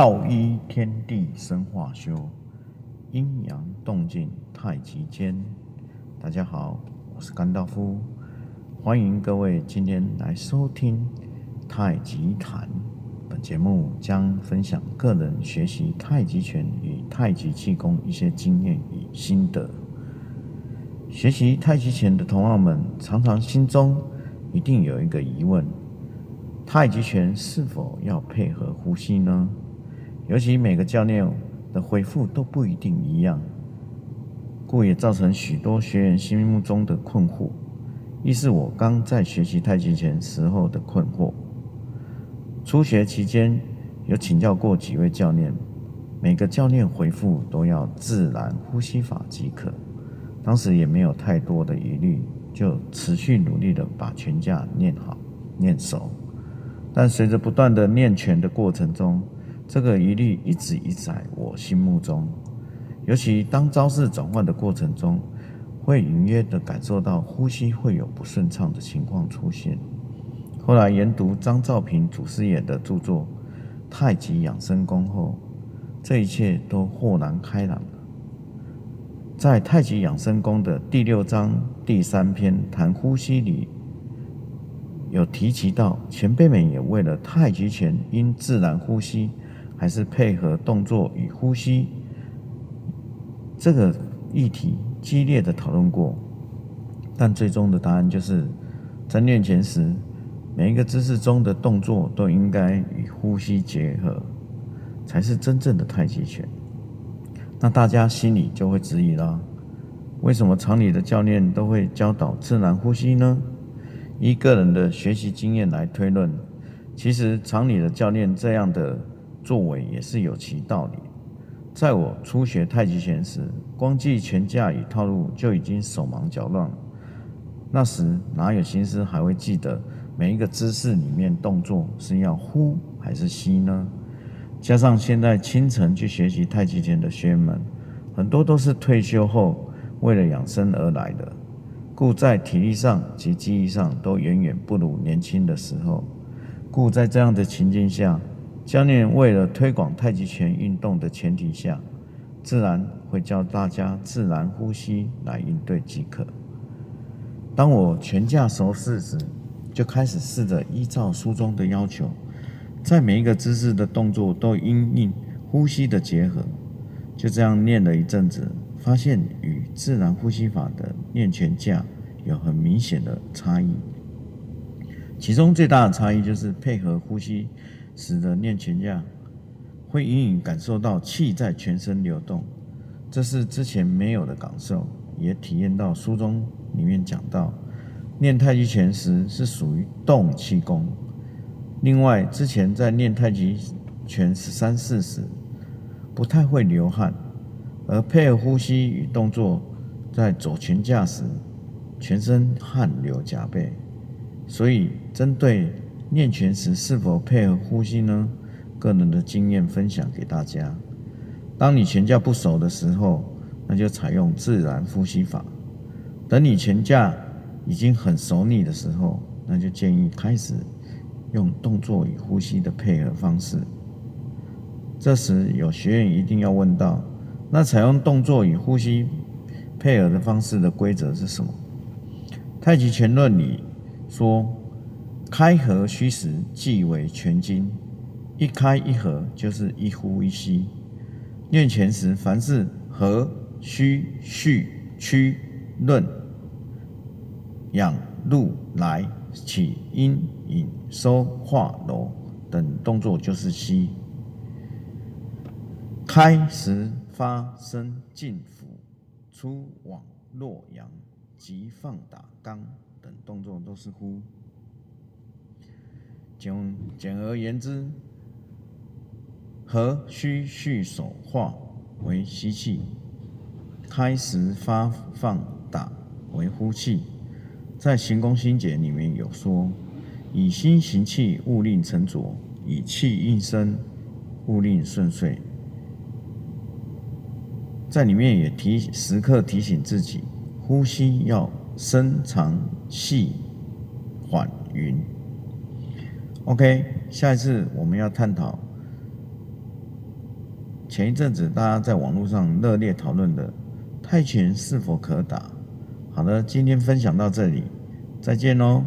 道依天地生化修，陰陽動靜太極間。大家好，我是甘道夫，歡迎各位今天來收聽太極談。本節目將分享個人學習太極拳與太極氣功一些經驗與心得。學習太極拳的同好們，常常心中一定有一個疑問：太極拳是否要配合呼吸呢？尤其每個教練的回復都不一定一樣，故也造成許多學員心目中的困惑。亦是我剛在學習太極拳時候的困惑。初學期間有請教過幾位教練，每個教練回復都要自然呼吸法即可。當時也沒有太多的疑慮，就持續努力的把拳架練好、練熟。但隨着不斷的練拳的過程中，這個疑慮一直一在我心目中，尤其當招式轉換的過程中，會隱約地感受到呼吸會有不順暢的情況出現。後來研讀張肇平祖師爺的著作《太極養生功》後，這一切都豁然開朗了。在《太極養生功》的第六章第三篇談呼吸裡，有提及到前輩們也為了太極拳應自然呼吸。還是配合動作與呼吸這個議題激烈的討論過，但最終的答案就是：在練前時，每一個姿勢中的動作都應該與呼吸結合，才是真正的太極拳。那大家心裡就會質疑了：為什麼廠裡的教練都會教導自然呼吸呢？依個人的學習經驗來推論，其實廠裡的教練這樣的。作為也是有其道理。在我初學太極拳時，光記拳架與套路就已經手忙腳亂。那時哪有心思還會記得每一個姿勢裡面動作是要呼還是吸呢？加上現在清晨去學習太極拳的學員們，很多都是退休後為了養生而來的，故在體力上及記憶上都遠遠不如年輕的時候。故在這樣的情境下，教練為了推廣太極拳運動的前提下，自然會教大家自然呼吸來應對即可。當我拳架熟悉時，就開始試着依照書中的要求，在每一個姿勢的動作都應與呼吸的結合。就這樣練了一陣子，發現與自然呼吸法的練拳架有很明顯的差異。其中最大的差異就是配合呼吸。使得練拳架會隱隱感受到氣在全身流動，這是之前沒有的感受，也體驗到書中裡面講到，練太極拳時是屬於動氣功。另外，之前在練太極拳十三式時不太會流汗，而配合呼吸與動作在走拳架時，全身汗流浹背，所以針對。練拳時是否配合呼吸呢？個人的經驗分享給大家。當你拳架不熟的時候，那就採用自然呼吸法。等你拳架已經很熟練的時候，那就建議開始用動作與呼吸的配合方式。這時有學員一定要問到：那採用動作與呼吸配合的方式的規則是什麼？《太極拳論》裡說。開合虛實即為拳經，一開一合就是一呼一吸。練拳時，凡是合虛、虛、續、屈、論、仰、露、來、起、陰、引、收、化、挪等動作就是吸；開時發生進、伏、出、往、落、揚、急放、打、剛等動作都是呼。簡簡而言之，合虛蓄手化為吸氣，開時發放打為呼氣。在行功心解裡面有說：“以心行氣，勿令沉着，以氣運身，勿令順遂。”在裡面也提時刻提醒自己，呼吸要深長、細、緩、勻。OK，下一次我們要探討前一陣子大家在網絡上熱烈討論的泰拳是否可打。好的，今天分享到這裡，再見哦。